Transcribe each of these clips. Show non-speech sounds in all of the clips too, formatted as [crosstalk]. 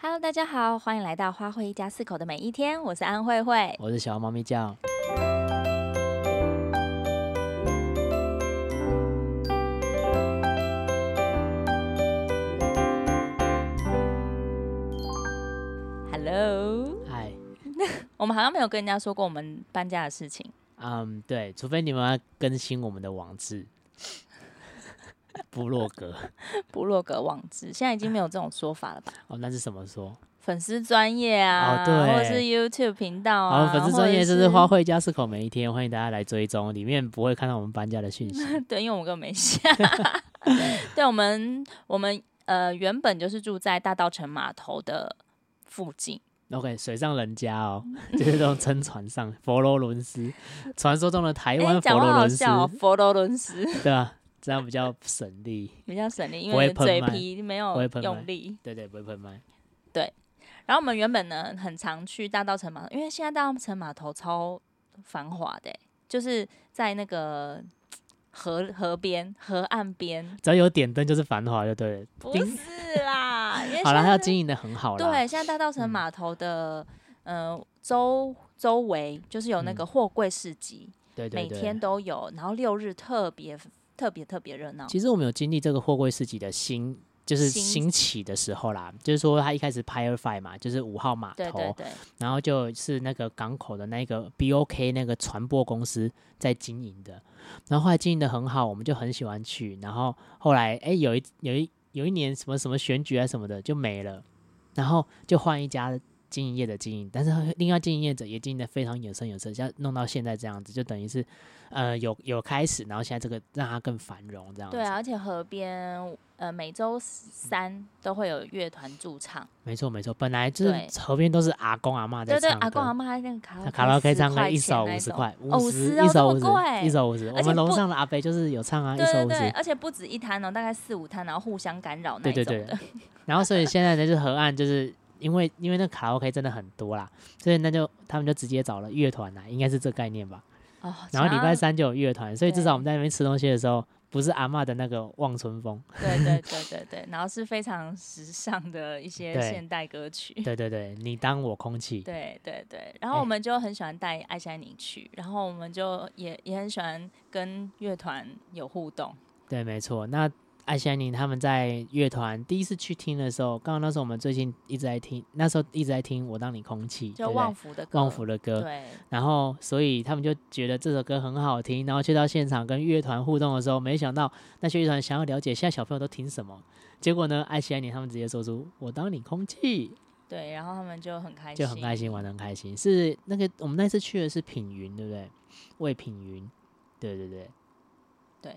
Hello，大家好，歡迎來到花卉一家四口的每一天。我是安慧慧，我是小貓咪醬。Hello，嗨 Hi， [laughs] 我們好像沒有跟人家說過我們搬家的事情。嗯，um, 對，除非你們要更新我們的網址。 [laughs] 部落格，部落格網址，現在已經沒有這種說法了吧？哦，那是什麼說？粉絲專頁啊，哦、對或者是 YouTube 頻道啊、哦。粉絲專頁就是花卉家四口每一天，歡迎大家來追蹤，裡面不會看到我們搬家的訊息。 [laughs] 對，因為我們根本沒下。 [laughs] 對，我們我們呃原本就是住在大稻埕碼頭的附近。OK，水上人家哦，就是這種撐船上 [laughs] 佛羅倫斯，傳說中的台灣佛羅倫斯。講的好笑、哦， [laughs] 佛羅倫斯。 [laughs] 對啊。這樣比較省力， [laughs] 比較省力，因為嘴皮沒有用力。對對，不會噴麥。對。然後我們原本呢，很常去大稻埕碼頭，因為現在大稻埕碼頭超繁華的，欸，就是在那個河河邊、河岸邊，只要有點燈就是繁華，就對了。不是啦，好了，它經營的很好。對，現在大稻埕碼頭的嗯、呃、周周圍就是有那個貨櫃市集，嗯、對、對、對、對，每天都有，然後六日特別。特別特別熱鬧。其實我們有經歷這個貨櫃市集的新，就是興起的時候啦，新就是說它一開始 Pier Five 嘛，就是五號碼頭，對對對，然後就是那個港口的那個 BOK 那個傳播公司在經營的，然後後來經營得很好，我們就很喜歡去，然後後來哎、欸，有一有一有一年什麼什麼選舉啊什麼的就沒了，然後就換一家。經營業的經營，但是另外經營業者也經營的非常有聲有色，像弄到現在這樣子，就等於是，呃，有有開始，然後現在這個讓他更繁榮這樣子。對啊，而且河邊呃每周三都會有樂團駐唱，沒錯沒錯，本來就是河邊都是阿公阿媽在唱，對對，阿公阿媽還卡拉卡拉 OK 唱歌，一首五十塊，五十一首五十，一首五十。我們樓上的阿飛就是有唱啊，一首五十。而且不止一攤哦，大概四五攤，然後互相干擾那種。對對對。然後所以現在就是河岸就是。因為因為那卡拉 OK 真的很多啦，所以那就他們就直接找了樂團來，應該是這概念吧。哦，然後禮拜三就有樂團，所以至少我們在那邊吃東西的時候，對不是阿嬤的那個望春風。對對對對對， [laughs] 然後是非常時尚的一些現代歌曲。對，對對對，你當我空氣。對對對，然後我們就很喜歡帶艾莎妮去，然後我們就也也很喜歡跟樂團有互動。對，沒錯。那艾希安妮他們在樂團第一次去聽的時候，剛剛那時候我們最近一直在聽，那時候一直在聽《我當你空氣》，對對就旺福的歌。旺福的歌，對。然後，所以他們就覺得這首歌很好聽。然後去到現場跟樂團互動的時候，沒想到那些樂團想要了解現在小朋友都聽什麼。結果呢，艾希安妮他們直接說出《我當你空氣》，對。然後他們就很開心，就很開心，玩得很開心。是那個我們那次去的是品雲，對不對？為品雲，對對對對，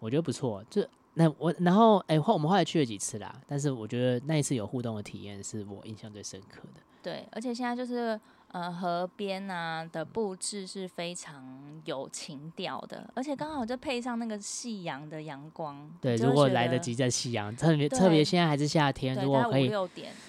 我覺得不錯。這。那我然後哎，後、欸、我們後來去了幾次啦，但是我覺得那一次有互動的體驗是我印象最深刻的。對，而且現在就是。呃，河邊啊的布置是非常有情調的，而且剛好就配上那個夕陽的陽光。嗯、對，如果來得及在夕陽，特別對特別現在還是夏天，對如果可以，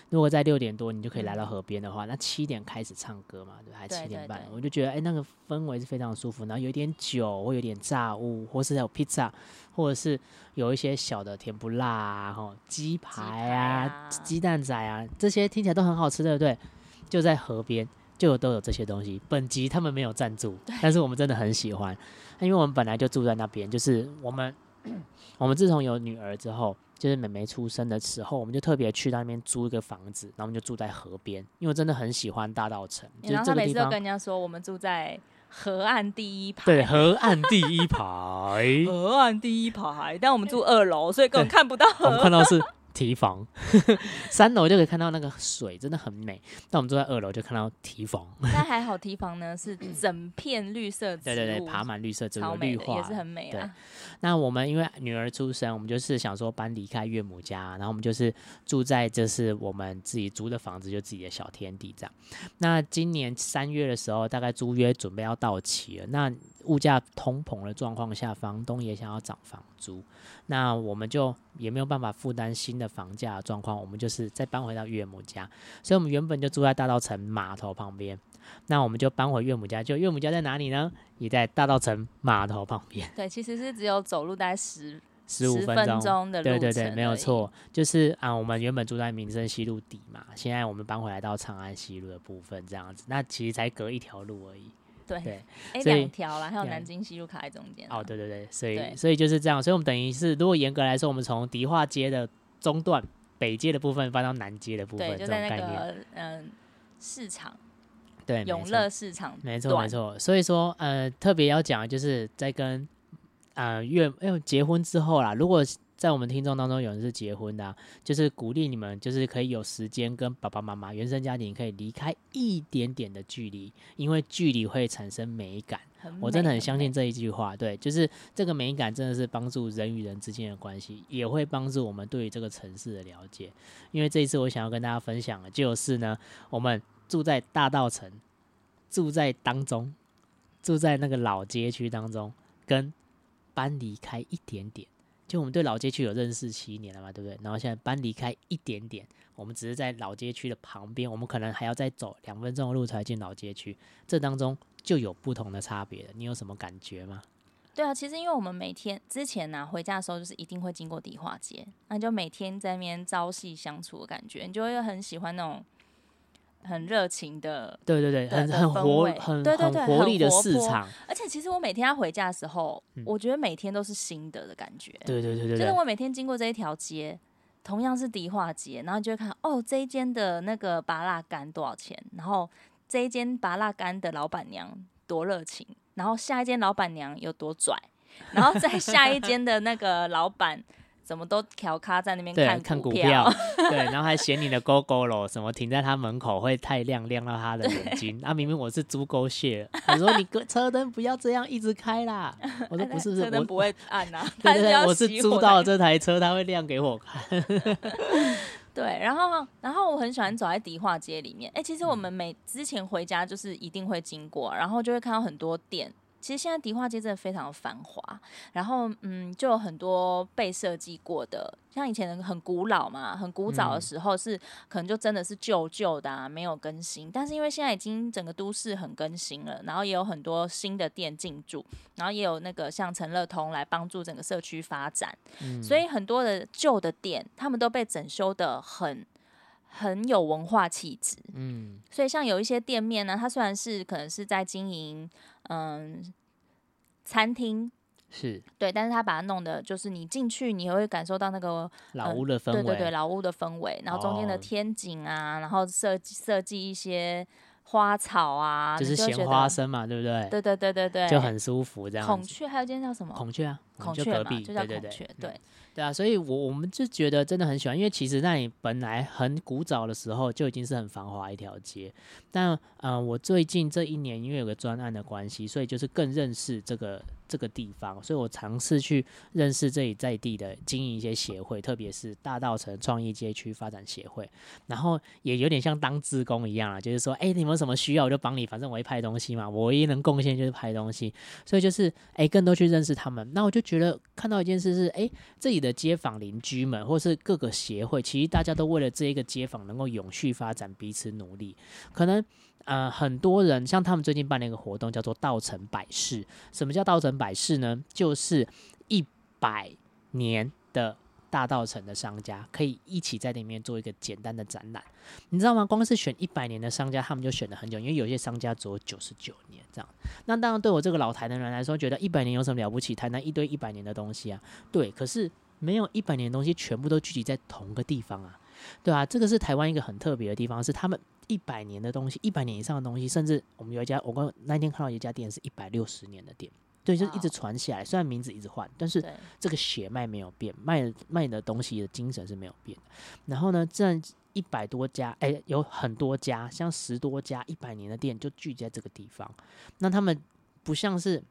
如果在六點多你就可以來到河邊的話，那七點開始唱歌嘛，對，還七點半。對對對我就覺得哎、欸，那個氛圍是非常舒服，然後有一點酒，會有點炸物，或是有 pizza，或者是有一些小的甜不辣啊，吼，雞排啊，雞排啊、雞蛋仔啊，這些聽起來都很好吃，對不對？就在河邊。就都有這些東西。本集他們沒有贊助，對但是我們真的很喜歡，因為我們本來就住在那邊。就是我們，我們自從有女兒之後，就是妹妹出生的時候，我們就特別去那邊租一個房子，然後我們就住在河邊，因為真的很喜歡大稻埕。就是、然後每次都跟人家說，我們住在河岸第一排。對，河岸第一排， [laughs] 河岸第一排。但我們住二樓，所以根本看不到，我們看到是。堤防，呵呵，三樓就可以看到那個水， [laughs] 真的很美。那我們坐在二樓，就看到堤防。那還好，堤防呢 [laughs] 是整片綠色，對對對，爬滿綠色植物，的綠化也是很美、啊。的。那我們因為女兒出生，我們就是想說搬離開岳母家，然後我們就是住在就是我們自己租的房子，就自己的小天地這樣。那今年三月的時候，大概租約準備要到期了，那。物價通膨的狀況下，房東也想要漲房租，那我們就也沒有辦法負擔新的房價狀況，我們就是再搬回到岳母家，所以我們原本就住在大稻埕碼頭旁邊，那我們就搬回岳母家，就岳母家在哪裡呢？也在大稻埕碼頭旁邊。對，其實是只有走路大概十十五分鐘的路程。對對對，沒有錯，已就是啊，我們原本住在民生西路底嘛，現在我們搬回來到長安西路的部分這樣子，那其實才隔一條路而已。對，哎，兩條啦，還有南京西路卡在中間、啊。哦，對對對，所以對所以就是這樣，所以我們等於是，如果嚴格來說，我們從迪化街的中段北街的部分搬到南街的部分，對，這種概念就在那個嗯、呃、市場，對，永樂市場，沒錯沒錯。所以說，呃，特別要講的就是在跟啊、呃、月結婚之後啦，如果。在我們聽眾當中，有人是結婚的，啊，就是鼓勵你們，就是可以有時間跟爸爸媽媽、原生家庭可以離開一點點的距離，因為距離會產生美感。很美很美。我真的很相信這一句話，對，就是這個美感真的是幫助人與人之間的關係，也會幫助我們對於這個城市的了解。因為這一次我想要跟大家分享的，就是呢，我們住在大稻埕，住在當中，住在那個老街區當中，跟搬離開一點點。就我們對老街區有認識七年了嘛，對不對？然後現在搬離開一點點，我們只是在老街區的旁邊，我們可能還要再走兩分鐘的路才進老街區，這當中就有不同的差別了。你有什麼感覺嗎？對啊，其實因為我們每天之前呢，啊，回家的時候就是一定會經過迪化街，那就每天在那邊朝夕相處的感覺，你就會很喜歡那種。很熱情的，的對對對，很很活力，很對對活力的市場。而且其實我每天要回家的時候，嗯、我覺得每天都是新的的感覺。對對對，對，對，對就是我每天經過這一條街，同樣是迪化街，然後就會看哦這一間的那個芭樂乾多少錢，然後這一間芭樂乾的老板娘多熱情，然後下一間老板娘有多拽，然後再下一間的那個老板。 [laughs] 怎麼都調咖在那邊看股票，對，看股票， [laughs] 對，然後還嫌你的狗狗咯什麼停在他門口會太亮，亮到他的眼睛。對啊，明明我是租狗血， [laughs] 我說你車燈不要這樣一直開啦。 [laughs] 我說不是不是，真不會暗吶、啊。對對，我是租到這台車， [laughs] 他會亮給我看。 [laughs] 對，然後然後我很喜歡走在迪化街裡面。哎、欸，其實我們每之前回家就是一定會經過，然後就會看到很多店。其實現在迪化街真的非常的繁華，然後嗯，就有很多被設計過的，像以前很古老嘛，很古早的時候是、嗯、可能就真的是舊舊的啊，沒有更新。但是因為現在已經整個都市很更新了，然後也有很多新的店進駐，然後也有那個像埕樂通來幫助整個社區發展，嗯、所以很多的舊的店他們都被整修得很。很有文化氣質，嗯，所以像有一些店面呢，它雖然是可能是在經營，嗯、呃，餐廳是對，但是它把它弄的就是你進去，你會感受到那個老屋的氛圍、呃，對對對，老屋的氛圍，然後中間的天井啊，哦、然後設設計一些花草啊，就是鮮花生嘛，對不對？對對對對對，就很舒服這樣。孔雀還有間叫什麼？孔雀啊。嗯、就隔壁孔雀嘛，雀對對孔對對，嗯、對啊，所以我我們就覺得真的很喜歡，因為其實那裡本來很古早的時候就已經是很繁華一條街，但嗯、呃，我最近這一年因為有個專案的關係，所以就是更認識這個這個地方，所以我嘗試去認識這裡在地的經營一些協會，特別是大稻埕創意街區發展協會，然後也有點像當志工一樣啊。就是說，哎，你們有什麼需要我就幫你，反正我會拍東西嘛，我唯一能貢獻就是拍東西，所以就是哎，更多去認識他們，那我就。覺得看到一件事是，誒、欸，這裡的街坊鄰居們，或是各個協會，其實大家都為了這一個街坊能夠永續發展，彼此努力。可能，呃，很多人像他們最近辦了一個活動，叫做“稻埕百事”。什麼叫“稻埕百事”呢？就是一百年的。大稻埕的商家可以一起在裡面做一個簡單的展覽，你知道嗎？光是選一百年的商家，他們就選了很久，因為有些商家只有九十九年這樣。那當然，對我這個老台南人來說，覺得一百年有什麼了不起？台南一堆一百年的東西啊，對。可是沒有一百年的東西全部都聚集在同一個地方啊，對啊，這個是台灣一個很特別的地方，是他們一百年的東西、一百年以上的東西，甚至我們有一家，我剛那天看到一家店是一百六十年的店。對，就一直傳下來，雖然名字一直換，但是這個血脈沒有變，賣的賣的東西的精神是沒有變的。然後呢，這樣一百多家，哎、欸，有很多家，像十多家一百年的店就聚集在這個地方。那他們不像是，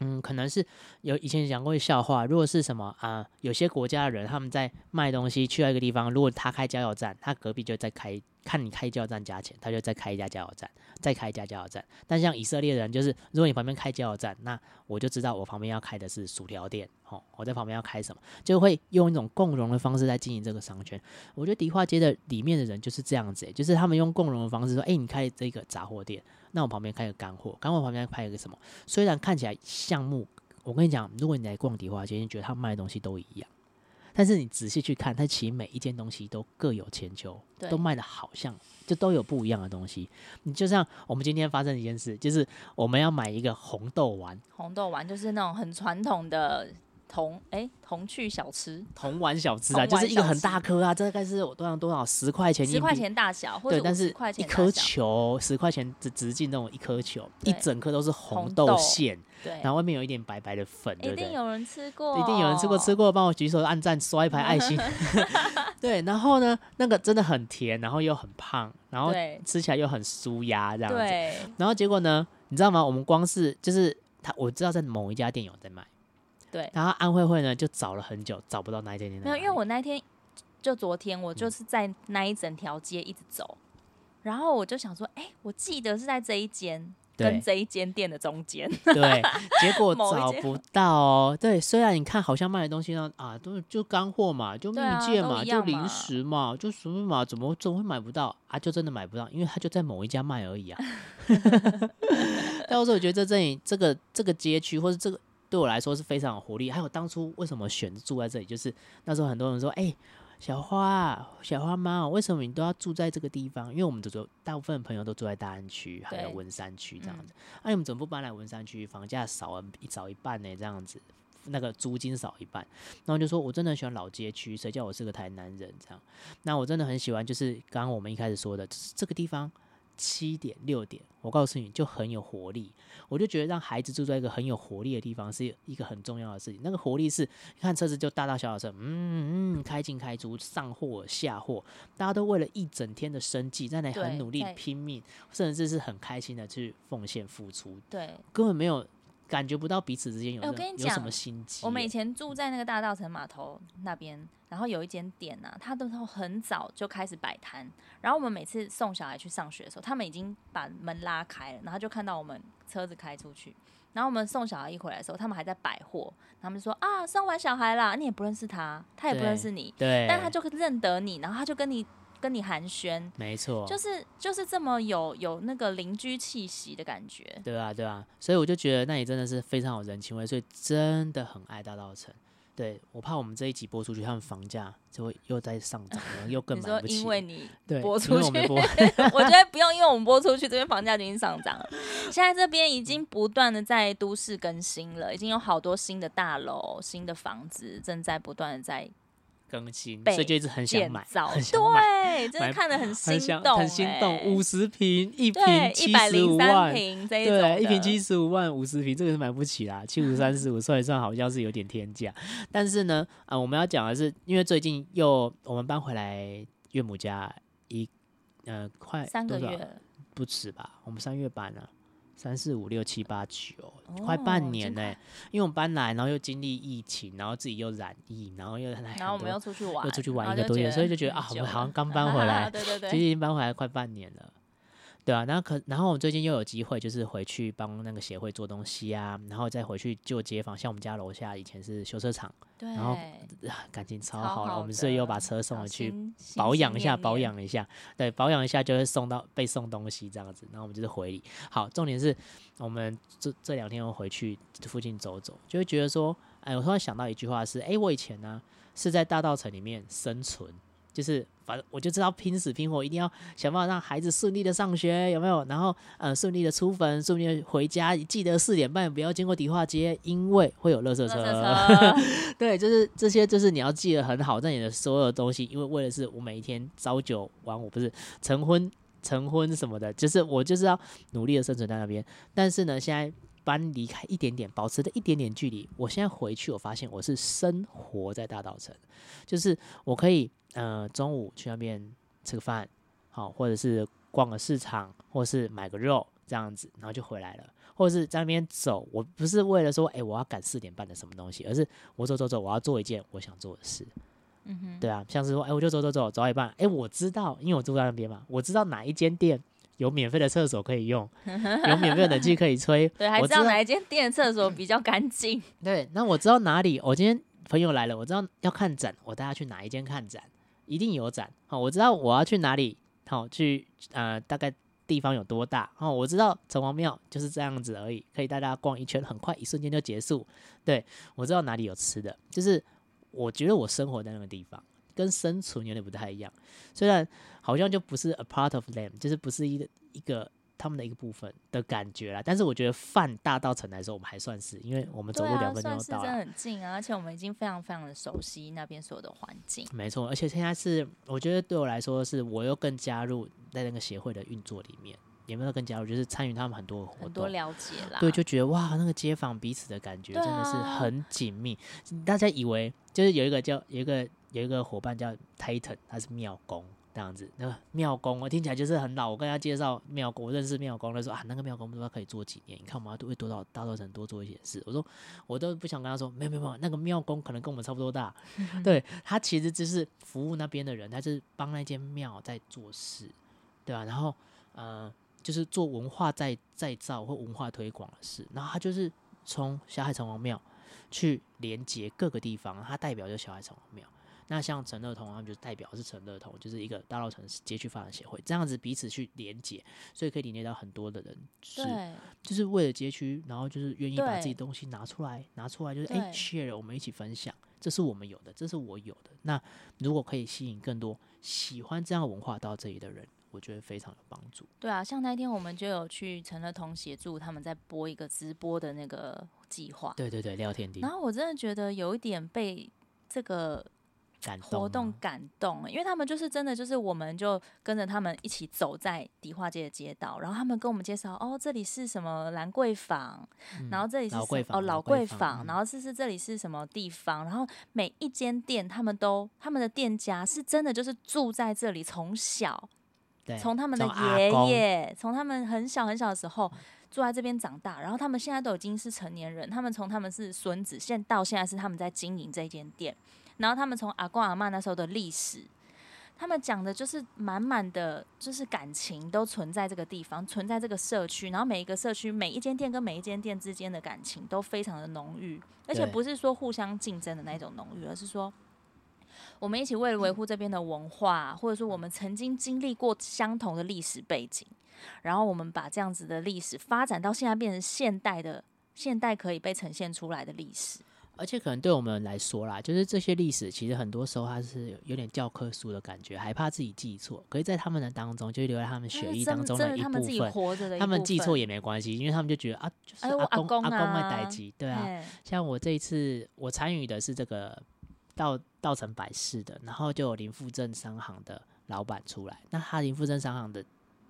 嗯，可能是有以前講過笑話，如果是什麼啊、呃，有些國家的人他們在賣東西，去到一個地方，如果他開加油站，他隔壁就在開。看你開加油站加錢，他就再開一家加油站，再開一家加油站。但像以色列的人，就是如果你旁邊開加油站，那我就知道我旁邊要開的是薯條店，哦，我在旁邊要開什麼，就會用一種共榮的方式來經營這個商圈。我覺得迪化街的裡面的人就是這樣子、欸，就是他們用共榮的方式說，哎、欸，你開這個雜貨店，那我旁邊開個乾貨，乾貨旁邊還開一個什麼？雖然看起來項目，我跟你講，如果你來逛迪化街，你覺得他賣的東西都一樣。但是你仔細去看，它其實每一件東西都各有千秋，對都賣得好像就都有不一樣的東西。你就像我們今天發生一件事，就是我們要買一個紅豆丸，紅豆丸就是那種很傳統的。童哎，童趣小吃，童玩小吃啊、童玩小吃啊，就是一個很大顆啊，這大概是我多少多少十塊錢一十塊錢大小，或者十塊錢大小，對，但是一顆球十塊錢直直徑那種一顆球，對一整顆都是紅豆餡，對豆，然後外面有一點白白的粉，一定對有人吃過，一定有人吃過，吃過幫我舉手按讚刷一排愛心， [laughs] [laughs] 對，然後呢，那個真的很甜，然後又很胖，然後吃起來又很酥鴨這樣子，對然後結果呢，你知道嗎？我們光是就是他，我知道在某一家店有在賣。對，然後安慧慧呢就找了很久，找不到那一間店。沒有，因為我那一天就昨天，我就是在那一整條街一直走，嗯、然後我就想說，哎，我記得是在這一間對跟這一間店的中間。對，結果找不到、哦。對，雖然你看好像賣的東西呢啊，都是就乾貨嘛，就蜜餞嘛，啊、嘛就零食嘛，就什麼嘛，怎麼怎麼會買不到啊？就真的買不到，因為它就在某一家賣而已啊。但我說我覺得在這裡這個這個街區或是這個。對我來說是非常有活力。還有當初為什麼選住在這裡，就是那時候很多人說，哎、欸，小花，小花媽，為什麼你都要住在這個地方？因為我們都住，大部分朋友都住在大安區對還有文山區這樣子。那、嗯啊、你們怎麼不搬來文山區？房價少了一少一半呢？這樣子，那個租金少一半。然後就說，我真的很喜歡老街區，誰叫我是個台南人這樣。那我真的很喜歡，就是剛剛我們一開始說的，就是這個地方。七點六點，我告訴你就很有活力，我就覺得讓孩子住在一個很有活力的地方是一個很重要的事情。那個活力是，你看車子就大大小小車，嗯嗯，開進開出，上貨下貨，大家都為了一整天的生計在那裡很努力拼命，甚至是很開心的去奉獻付出，對，根本沒有。感覺不到彼此之間有我跟你講什麼心機。我們以前住在那個大稻埕碼頭那邊，然後有一間店吶、啊，他都是很早就開始擺攤。然後我們每次送小孩去上學的時候，他們已經把門拉開了，然後就看到我們車子開出去。然後我們送小孩一回來的時候，他們還在擺貨。他們說啊，送完小孩啦，你也不認識他，他也不認識你，對，對，但他就認得你，然後他就跟你。跟你寒暄。沒錯，就是就是這麼有有那個鄰居氣息的感覺，對啊對啊，所以我就覺得那裡真的是非常有人情味，所以真的很愛大稻埕。對，我怕我們這一集播出去，他們房價就會又在上漲然後、啊、又更。你說因為你播出去，我覺得不用，因為我們播出去這邊房價已經上漲了。 [laughs] 現在這邊已經不斷的在都市更新了，已經有好多新的大樓、新的房子正在不斷的在。更新，所以就一直很想買，很買對，買真的看得很心動，欸很，很心動。五十瓶，一瓶七十五萬。瓶，對，一瓶七十五萬，五十瓶這個是買不起啦，七五三十五算一算好像是有點天價，嗯、但是呢，啊、呃，我們要講的是，因為最近又我們搬回來岳母家一，呃，快多少三個月不止吧，我們三月搬了，啊。三四五六七八九，哦、快半年呢。快因為我們搬來，然後又經歷疫情，然後自己又染疫，然後又然後我們要出去玩，又出去玩一個多月，所以就覺得啊，我們好像剛搬回來，其實、啊、已經搬回來快半年了。對啊，然後可，然後我們最近又有機會，就是回去幫那個協會做東西啊，然後再回去舊街坊，像我們家樓下以前是修車廠，對，然後感情超好了，好我們是又把車送了去保養一下，保養一下，對，保養一下就會送到被送東西這樣子，然後我們就是回禮。好，重點是，我們這這兩天又回去附近走走，就會覺得說，哎，我突然想到一句話是，哎，我以前呢、啊、是在大稻埕裡面生存，就是。我就知道拼死拼活，一定要想辦法讓孩子順利的上學，有沒有？然後呃、順、嗯、利的出墳，順利的回家。記得四點半不要經過迪化街，因為會有垃圾車。垃圾車 [laughs] 對，就是這些，就是你要記得很好。在你的所有的東西，因為為的是我每天朝九晚五，不是晨昏晨昏什麼的，就是我就是要努力的生存在那邊。但是呢，現在搬離開一點點，保持着一點點距離。我現在回去，我發現我是生活在大稻埕，就是我可以。呃，中午去那邊吃個飯，好、哦，或者是逛個市場，或者是買個肉這樣子，然後就回來了。或者是在那邊走，我不是為了說，哎、欸，我要趕四點半的什麼東西，而是我走走走，我要做一件我想做的事。嗯哼，對啊，像是說，哎、欸，我就走走走，走到一半，哎、欸，我知道，因為我住在那邊嘛，我知道哪一間店有免費的廁所可以用， [laughs] 有免費的冷氣可以吹， [laughs] 對，還知道哪一間店廁所比較乾淨。 [laughs] 對，那我知道哪裡、哦，我今天朋友來了，我知道要看展，我帶他去哪一間看展。一定有展哦，我知道我要去哪裡，好、哦、去呃大概地方有多大哦，我知道城隍廟就是這樣子而已，可以帶大家逛一圈，很快一瞬間就結束。對，我知道哪裡有吃的，就是我覺得我生活在那個地方，跟生存有點不太一樣，雖然好像就不是 a part of them，就是不是一個一個。他們的一個部分的感覺啦，但是我覺得泛大稻埕來說，我們還算是，因為我們走路兩分鐘到了，啊、真很近啊，而且我們已經非常非常的熟悉那邊所有的環境。沒錯，而且現在是我覺得對我來說是，是我又更加入在那個協會的運作裡面，也沒有更加入？就是參與他們很多的活動，很多了解啦。對，就覺得哇，那個街坊彼此的感覺真的是很緊密。啊、大家以為就是有一個叫，有一個，有一個夥伴叫 Titan，他是廟公。這樣子，那廟、個、公，我聽起來就是很老。我跟他介紹廟公，我認識廟公的時候啊，那個廟公不知道可以做幾年。你看，我們要多會多到大稻埕多做一些事。我說，我都不想跟他說，沒有沒有沒有，那個廟公可能跟我們差不多大。 [laughs] 對他，其實就是服務那邊的人，他是幫那間廟在做事，對吧、啊？然後，嗯、呃，就是做文化再再造或文化推廣的事。然後他就是從霞海城隍廟去連接各個地方，他代表着霞海城隍廟。那像埕樂通他們就代表是埕樂通，就是一個大稻埕街區發展協會，這樣子彼此去連接。所以可以連結到很多的人是，是對就是為了街區，然後就是願意把自己東西拿出來，對拿出來，就是哎對、欸、，share，我們一起分享，這是我們有的，這是我有的。那如果可以吸引更多喜歡這樣的文化到這裡的人，我覺得非常有幫助。對啊，像那一天我們就有去埕樂通協助他們在播一個直播的那個計劃，對對對，聊天地，然後我真的覺得有一點被這個。感動啊，活動感動，因為他們就是真的，就是我們就跟着他們一起走在迪化街的街道，然後他們跟我們介紹，哦，這裡是什麼蘭桂坊，嗯、然後這裡是哦老桂坊，然後是是這裡是什麼地方，然後每一間店他們都他們的店家是真的就是住在這裡，從小，從對他們的爺爺，從他們很小很小的時候住在這邊長大，然後他們現在都已經是成年人，他們從他們是孫子，現在到現在是他們在經營這間店。然後他們從阿公阿嬤，那時候的歷史，他們講的就是滿滿的，就是感情都存在這個地方，存在這個社區。然後每一個社區，每一間店跟每一間店之間的感情都非常的濃郁，對而且不是說互相競爭的那種濃郁，而是說我們一起為了維護這邊的文化，或者說我們曾經經歷過相同的歷史背景，然後我們把這樣子的歷史發展到現在變成現代的現代可以被呈現出來的歷史。而且可能對我們來說啦，就是這些歷史其實很多時候它是有點教科書的感覺，害怕自己記錯。可是，在他們的當中，就留在他們血液當中的一部分。他們自己活著的一部分，他們記錯也沒關係，因為他們就覺得啊，就是阿公、欸、阿公會代誌。對啊，欸、像我這一次我參與的是這個稻稻城百事的，然後就有林復振商行的老闆出來。那他林復振商行的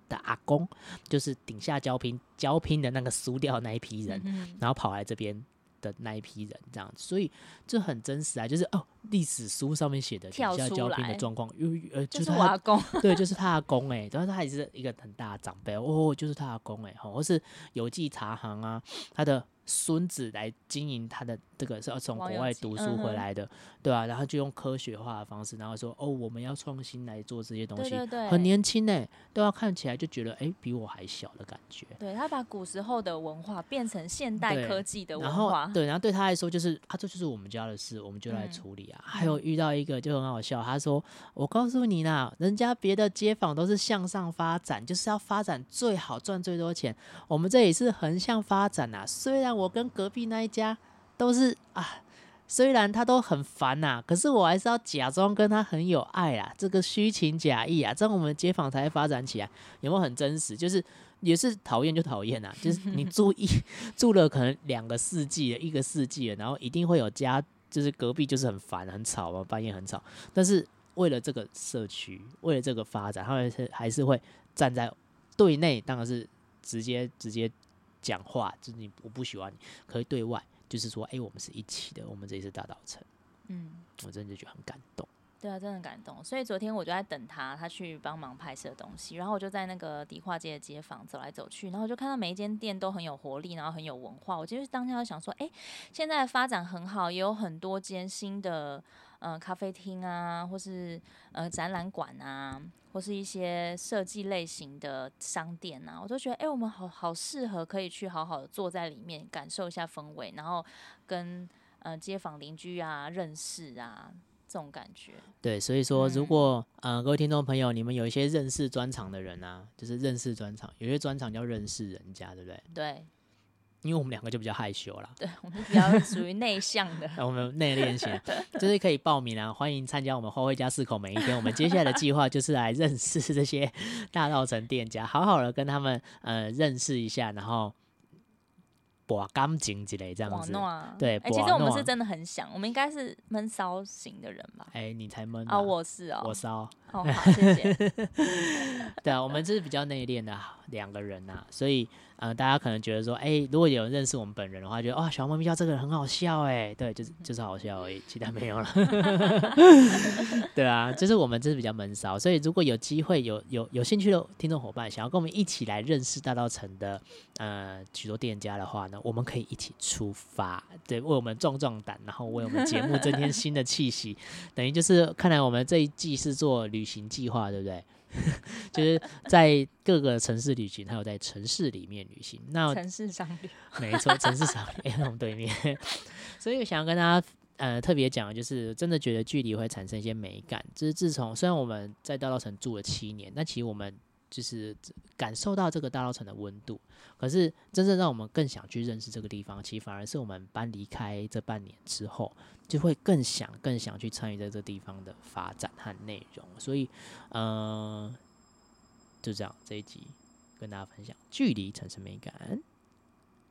的阿公，就是頂下郊拚郊拚的那個輸掉那一批人，嗯、哼然後跑來這邊。的那一批人這樣子，所以這很真實啊，就是哦。歷史書上面寫的底下交兵的狀況，因為呃就是他，是阿公 [laughs] 對，就是他阿公哎、欸，然、就是他還是一個很大的長輩哦，就是他阿公哎、欸，或是有記茶行啊，他的孫子來經營，他的這個是要從國外讀書回來的，嗯、對啊，然後就用科學化的方式，然後說哦，我們要創新來做這些東西。對對對，很年輕哎、欸，都要、啊、看起來就覺得哎、欸、比我還小的感覺，對，他把古時候的文化變成現代科技的文化對，對，然後對他來說就是，啊，這就是我們家的事，我們就來處理、啊。嗯還有遇到一個就很好笑，他說：“我告訴你啦，人家別的街坊都是向上發展，就是要發展最好賺最多錢。我們這裡是橫向發展啊。雖然我跟隔壁那一家都是啊，雖然他都很煩吶、啊，可是我還是要假裝跟他很有愛啊。這個虛情假意啊，這樣我們街坊才會發展起來。有沒有很真實？就是也是討厭就討厭啊。就是你住一 [laughs] 住了，可能兩個世紀，一個世紀了，然後一定會有家。”就是隔壁就是很煩很吵嘛，半夜很吵。但是為了這個社區，為了這個發展，他們是還是會站在對內，當然是直接直接講話，就是你我不喜歡你。可以對外，就是說，哎、欸，我們是一起的，我們這一次大稻埕。嗯，我真的就覺得很感動。對啊，真的很感動。所以昨天我就在等他，他去幫忙拍攝東西。然後我就在那個迪化街的街坊走來走去，然後我就看到每一間店都很有活力，然後很有文化。我其實當天就想說，欸，現在的發展很好，也有很多間新的呃咖啡廳啊，或是呃展覽館啊，或是一些設計類型的商店啊，我都覺得，欸，我們好好適合可以去好好的坐在裡面感受一下氛圍，然後跟呃街坊鄰居啊認識啊。這種感覺，對，所以說，如果，嗯、呃、各位聽眾朋友，你們有一些認識專場的人啊，就是認識專場，有些專場叫認識人家，對不對？對，因為我們兩個就比較害羞啦，對我們比較屬於內向的， [laughs] [laughs] 我們內斂型， [laughs] 就是可以報名啊，歡迎參加我們花卉家四口每一天。我們接下來的計劃就是來認識這些大稻埕店家，好好的跟他們呃認識一下，然後。博感情之類這樣子，嗯，對，哎、欸，搬其實我們是真的很想，嗯、我們應該是悶騷型的人吧？哎、欸，你才悶、啊、哦我是哦，我騷騷，哦，好，謝謝。 [laughs] 嗯、對啊，我們這是比較內斂的兩個人吶、啊，所以。呃，大家可能覺得說，哎、欸，如果有人認識我們本人的話，就覺得哇，小貓咪叫這個人很好笑哎、欸，對，就是就是好笑而已，其他沒有了。 [laughs] 對啊，就是我們真是比較悶騷，所以如果有機會有有有興趣的聽眾夥伴想要跟我們一起來認識大稻埕的呃許多店家的話呢，我們可以一起出發，對，為我們壯壯膽，然後為我們節目增添新的氣息， [laughs] 等於就是看來我們這一季是做旅行計劃，對不對？ [laughs] 就是在各個城市旅行，還有在城市裡面旅行。那城市 [laughs] 沒錯，城市上面， [laughs] 欸、那對面， [laughs] 所以我想要跟大家呃特別講的就是真的覺得距離會產生一些美感。嗯、就是自從雖然我們在大稻埕住了七年，那其實我們。就是感受到這個大稻埕的溫度，可是真正讓我們更想去認識這個地方，其實反而是我們搬離開這半年之後，就會更想、更想去參與在這個地方的發展和內容。所以，嗯、呃、就這樣，這一集跟大家分享，距離產生美感。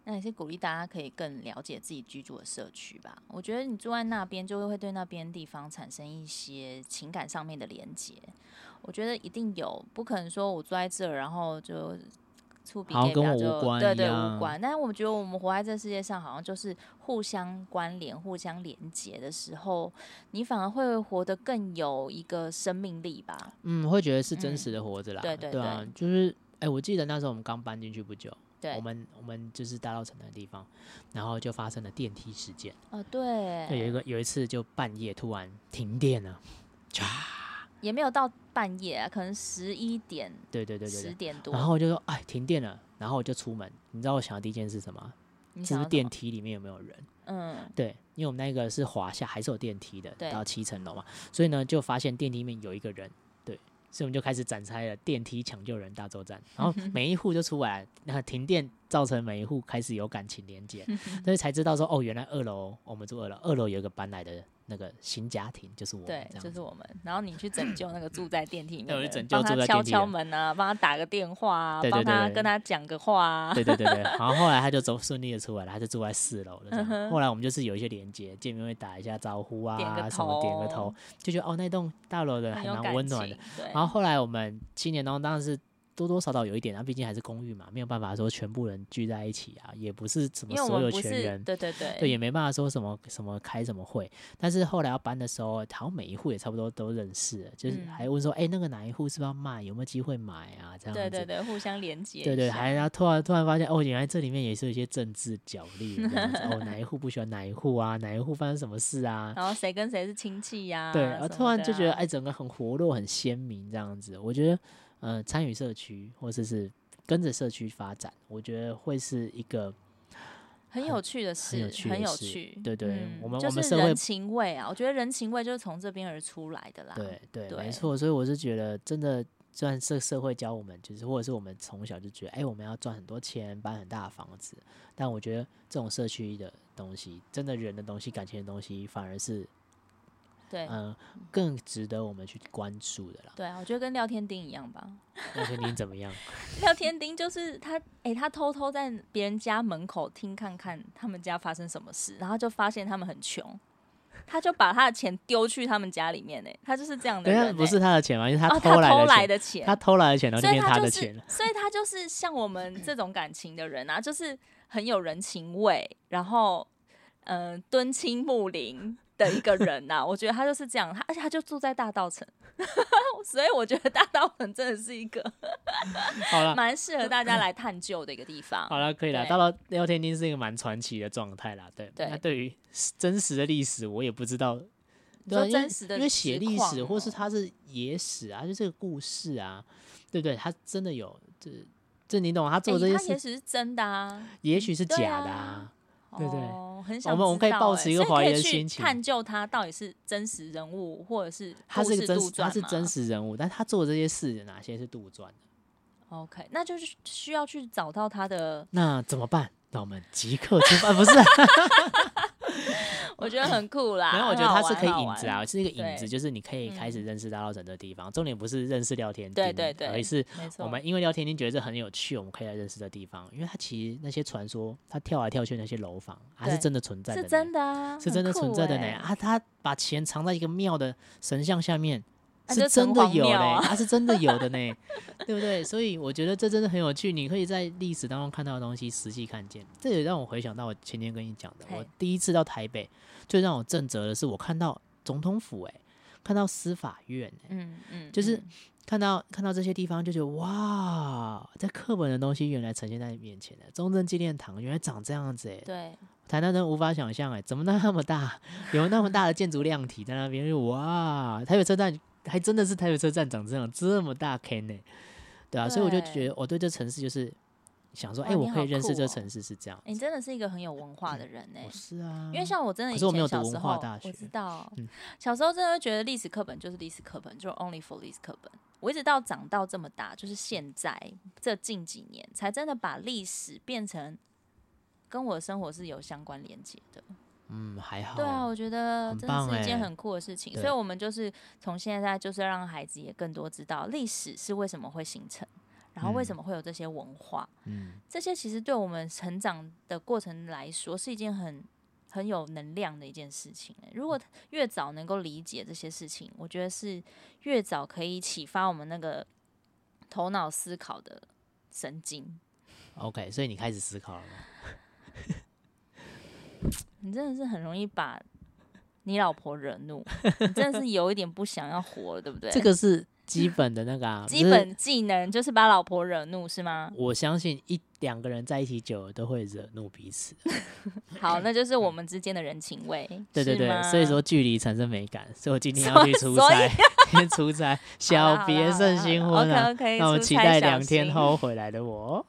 那也是鼓勵大家可以更了解自己居住的社區吧。我覺得你住在那邊，就會對那邊地方產生一些情感上面的連接。我覺得一定有，不可能說我住在這兒，然後就觸名，好像跟我無關一樣。對對、對，無關。但是我覺得我們活在這世界上，好像就是互相關聯、互相連接的時候，你反而會活得更有一個生命力吧？嗯，會覺得是真實的活着啦、嗯。對對對，對啊、就是哎、欸，我記得那時候我們剛搬進去不久。對我們我們就是大稻埕的地方，然後就發生了電梯事件。哦、呃，對。有一個有一次就半夜突然停電了，也沒有到半夜、啊、可能十一點。對對對對。十點多。然後我就說，哎，停電了，然後我就出門。你知道我想的第一件事是什麼？就是,是電梯裡面有沒有人？嗯。對，因為我們那個是華廈，還是有電梯的，對到七層樓嘛，所以呢就發現電梯裡面有一個人。所以，我們就開始展開了電梯搶救人大作戰。然後，每一戶就出來，然後停電造成每一戶開始有感情連接，嗯、哼所以才知道說，哦，原來二樓我們住二樓，二樓有一個搬來的人。那個新家庭就是我們，對，就是我們。然後你去拯救那個住在電梯裡面幫 [coughs] 他敲敲門啊，幫他打個電話啊，幫他跟他講個話。對對對對。他他然後後來他就走順利的出來了，他就住在四樓了。嗯、哼後來我們就是有一些連接，見面會打一下招呼啊，點個頭，點個頭，就覺得哦，那棟大樓的還蠻溫暖的。然後後來我們七年當中當時。多多少少有一點，那畢竟還是公寓嘛，沒有辦法說全部人聚在一起啊，也不是什麼所有權人，對對對，對也沒辦法說什麼什麼開什麼會。但是後來要搬的時候，好像每一戶也差不多都認識，就是還問說，哎、嗯欸，那個哪一戶是不是要賣，有沒有機會買啊？這樣子，對對對，互相連接，對，對對，還然後突然突然發現，哦、喔，原來這裡面也是有一些政治角力，哦、 [laughs] 喔，哪一戶不喜歡哪一戶啊？哪一戶發生什麼事啊？然後誰跟誰是親戚呀、啊？對，然後、啊啊、突然就覺得，哎，整個很活絡，很鮮明，這樣子，我覺得。呃，參與、嗯、社區或者是，是跟着社區發展，我覺得會是一個很，很有趣的事，很有趣，對，對對，嗯、我們我們社會人情味啊，我覺得人情味就是從這邊而出來的啦，對，對對，對沒錯，所以我是覺得，真的，雖然社社會教我們，就是或者是我們從小就覺得，哎、欸，我們要賺很多錢，搬很大的房子，但我覺得這種社區的東西，真的人的東西，感情的東西，反而是。對，嗯、呃，更值得我們去關注的了。對啊，我覺得跟廖添丁一樣吧。廖添丁怎麼樣？ [laughs] 廖添丁就是他，哎、欸，他偷偷在別人家門口聽，看看他們家發生什麼事，然後就發現他們很窮，他就把他的錢丟去他們家裡面，哎、欸，他就是這樣的人、欸。人不是他的錢嗎？因為他偷來的錢，啊、他偷來的錢都變成他的錢，所以他、就是、所以他就是像我們這種感情的人啊，就是很有人情味，然後嗯、呃，敦親睦鄰。 [laughs] 的一個人吶、啊，我覺得他就是這樣，他而且他就住在大稻埕， [laughs] 所以我覺得大稻埕真的是一個好了蠻適合大家來探究的一個地方。好了啦，對可以了。到了廖添丁是一個蠻傳奇的狀態啦，對對。那對於真實的歷史，我也不知道，對、啊、說真實的實因為寫歷史或是他是野史啊，哦、就這個故事啊，對不對,對？他真的有這這你懂？他做這些事情、欸、也許是真的啊，也許是假的啊。對啊對對，我們、哦、很想知道、我們可以保持一個懷疑的心情，以以探究他到底是真實人物，或者是他是個真實，他是真實人物，但他做的這些事哪些是杜撰的？OK，那就是需要去找到他的。那怎麼辦？那我們即刻出發， [laughs] 不是？ [laughs] [laughs] 我覺得很酷啦，然後我覺得它是可以影子啊，是一個影子，就是你可以開始認識大稻埕這個地方。重點不是認識廖添丁，對對對，而是我們因為廖添丁覺得這很有趣，我們可以來認識的地方。因為它其實那些傳說，它跳來跳去那些樓房，還是真的存在的，是真的，是真的存在的呢。啊，他把錢藏在一個廟的神像下面。是真的有嘞、欸，啊、它是真的有的呢、欸， [laughs] 對不對？所以我覺得這真的很有趣，你可以在歷史當中看到的東西，實際看見，這也讓我回想到我前天跟你講的，嘿我第一次到台北，最讓我震撼的是我看到總統府、欸，哎，看到司法院、欸嗯，嗯嗯，就是看到、嗯、看到這些地方，就覺得哇，在課本的東西原來呈現在你面前的，中正紀念堂原來長這樣子、欸，哎，對，台南人無法想象、欸，哎，怎麼那麼大，有那麼大的建築量體在那邊？ [laughs] 就哇，台北車站。還真的是台北車站長這樣這麼大坑呢、欸，對啊，對所以我就覺得我對這城市就是想說，哎哇，欸喔、我可以認識這城市是這樣、欸。你真的是一個很有文化的人呢、欸，嗯、是啊，因為像我真的以前小時候，我,我知道、喔，嗯、小時候真的覺得歷史課本就是歷史課本，就 only for 歷史課本。我一直到長到這麼大，就是現在這近幾年才真的把歷史變成跟我的生活是有相關連結的。嗯，還好。對啊，我覺得真的是一件很酷的事情。欸、所以，我們就是從現在就是讓孩子也更多知道歷史是為什麼會形成，嗯、然後為什麼會有這些文化。嗯，這些其實對我們成長的過程來說是一件很很有能量的一件事情、欸。如果越早能夠理解這些事情，我覺得是越早可以啟發我們那個頭腦思考的神經。OK，所以你開始思考了嗎？ [laughs] 你真的是很容易把你老婆惹怒，你真的是有一點不想要活了，對不對？這個是基本的那個啊，基本技能就是把老婆惹怒是嗎？我相信一兩個人在一起久了都會惹怒彼此。好，那就是我們之間的人情味。對對對，所以說距離產生美感。所以我今天要去出差，今天出差，小別勝新婚啊！那我期待兩天後回來的我。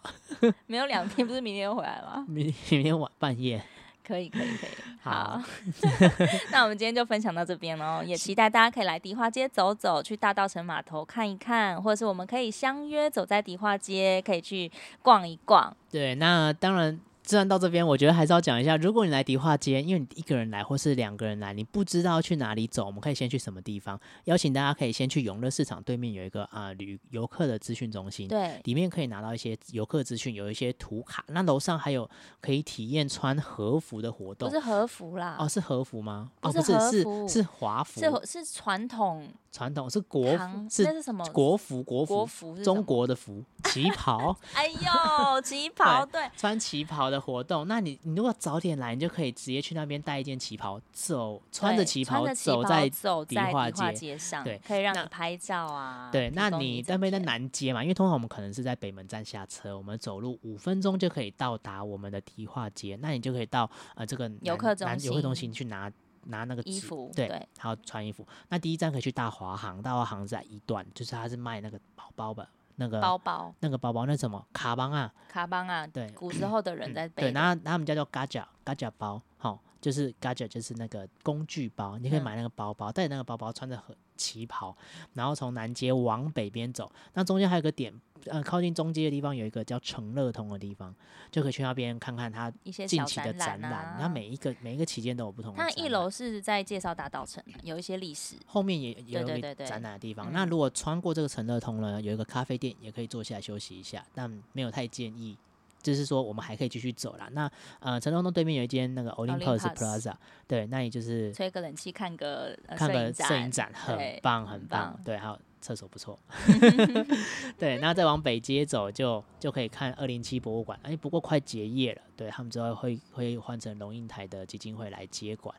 沒有兩天，不是明天又回來嗎？明明天晚半夜。可以可以可以，可以可以好， [laughs] 那我們今天就分享到這邊嘍， [laughs] 也期待大家可以來迪化街走走，去大稻埕碼頭看一看，或者是我們可以相約走在迪化街，可以去逛一逛。對，那當然。自然到這邊，我覺得還是要講一下。如果你來迪化街，因為你一個人來或是兩個人來，你不知道去哪裡走，我們可以先去什麼地方？邀請大家可以先去永樂市場對面有一個啊旅遊客的資訊中心，對，裡面可以拿到一些遊客資訊，有一些圖卡。那樓上還有可以體驗穿和服的活動，不是和服啦，哦是和服嗎？哦不是是是華服，哦、是是傳統傳統是國服，是，那是什麼？國服國服國服中國的服旗袍？ [laughs] 哎呦旗袍 [laughs] 對，穿旗袍。的活動，那你你如果早點來，你就可以直接去那邊帶一件旗袍走，穿着旗袍走在迪化街上，對，可以讓你拍照啊。對，你那你那邊在南街嘛，因為通常我們可能是在北門站下車，我們走路五分鐘就可以到達我們的迪化街，那你就可以到呃這個遊客中心，遊客中心去拿拿那個衣服，對，然後穿衣服。對那第一站可以去大華行，大華行在一段，就是他是賣那個包包吧。那個包包，那個包包，那什麼卡邦啊？卡邦啊，對， [coughs] 古時候的人在背、嗯。對，然後他們叫做 Gadget，Gadget 包，好、哦，就是 Gadget，就是那個工具包，嗯、你可以買那個包包，帶那個包包穿得很。旗袍，然後從南街往北邊走，那中間還有個點，呃，靠近中街的地方有一個叫埕樂通的地方，就可以去那邊看看它近期的展覽。展覽啊、它每一個每一個期間都有不同的。它一樓是在介紹大稻埕，有一些歷史，後面也有個展覽的地方。對對對對。那如果穿過這個埕樂通了，有一個咖啡店，也可以坐下來休息一下，但沒有太建議。就是說，我們還可以繼續走了。那呃，城東東對面有一間那個 Olympus Plaza，urs, 對，那也就是個吹個冷氣、看個、呃、看個攝影展，對很棒，很棒。很棒對，還有廁所不錯。 [laughs] [laughs] 對，那再往北街走就，就就可以看二零七博物館。哎，不過快結業了，對他們之後會會換成龍應台的基金會來接管。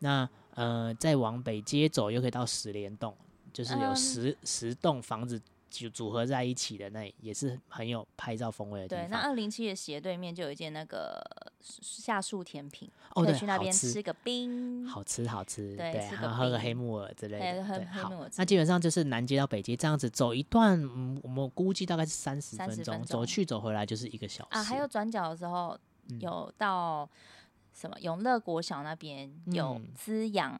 那呃，再往北街走，又可以到十連棟就是有十、嗯、十棟房子。就組合在一起的，那也是很有拍照風味的地方。對，那二零七的斜對面就有一間那個夏樹甜品，哦，對，去那邊吃個冰，好吃好吃。對，然後喝個黑木耳之類的。對，好。那基本上就是南街到北街這樣子走一段，我們估計大概是三十分鐘，走去走回來就是一個小時啊。還有轉角的時候有到什麼永樂國小那邊有滋養，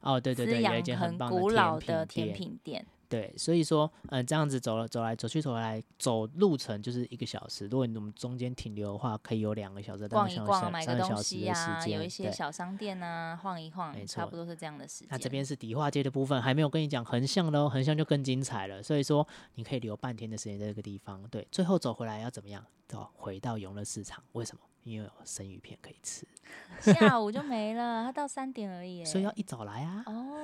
哦對對對，有一間很古老的甜品店。對，所以說，嗯，這樣子走了走來走去走來走路程就是一個小時。如果你們中間停留的話，可以有兩個小時，兩個小時要三個小時的時間，有一些小商店啊，晃一晃，差不多是這樣的時間。那這邊是迪化街的部分，還沒有跟你講橫向嘍，橫向、哦、就更精彩了。所以說，你可以留半天的時間在這個地方。對，最後走回來要怎麼樣？走、哦、回到永樂市場？為什麼？因為有生魚片可以吃，下午就沒了，他 [laughs] 到三點而已，所以要一早來啊。哦，哦，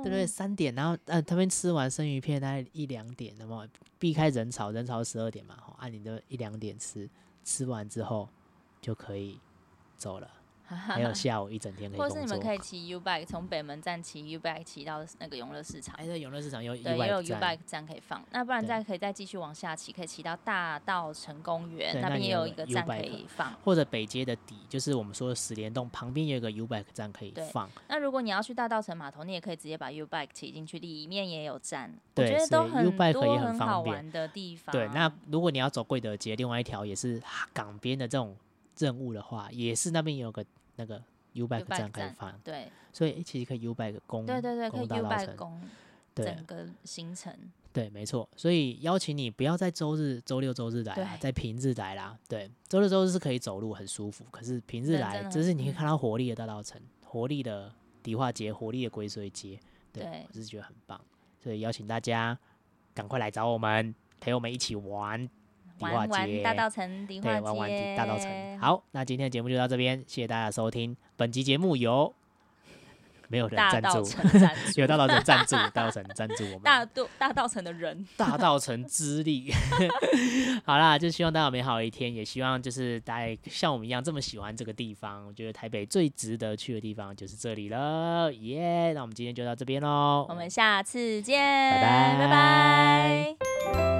哦、 [laughs] 對不對？三點，然後呃，他們吃完生魚片大概一兩點有沒有，那麼避開人潮，人潮十二點嘛，按、啊、你的一兩點吃，吃完之後就可以走了。 [laughs] 還有下午一整天可以，或是你們可以騎 U Bike 從北門站騎 U Bike 騎到那個永樂市場，誒，對，永樂市場有、U、對，也有 U Bike 站可以放。那不然再可以再繼續往下騎，可以騎到大稻埕公園，對那邊有一個站可以放。或者北街的底，就是我們說的十連棟旁邊有個 U Bike 站可以放。那如果你要去大稻埕碼頭，你也可以直接把 U Bike 騎進去，裡面也有站。對我覺得都很多、U、很好玩的地方。對，那如果你要走貴德街，另外一條也是港邊的這種。任務的話，也是那邊有個那個 U-bike 站可以放，對，所以其實可以 U-bike 工，對對對，可以 U-bike 工，對整個行程，對，對，沒錯，所以邀請你不要在周日、周六、周日來啦，對在平日來啦，對，周六、周日是可以走路很舒服，可是平日來，就是你可以看到活力的大稻埕，活力的迪化街，活力的歸綏街，對，對我是覺得很棒，所以邀請大家趕快來找我們，陪我們一起玩。迪化街、玩玩大稻埕，迪化街玩玩大稻埕。好，那今天的節目就到這邊，謝謝大家收聽。本集節目由沒有人贊助，大 [laughs] 有大稻埕贊助，大稻埕贊助我們大稻大稻埕的人， [laughs] 大稻埕之力。 [laughs] 好啦，就希望大家有美好一天，也希望就是大家像我們一樣這麼喜歡這個地方。我覺得台北最值得去的地方就是這裡了耶！Yeah, 那我們今天就到這邊嘍，我們下次見，拜拜，拜拜。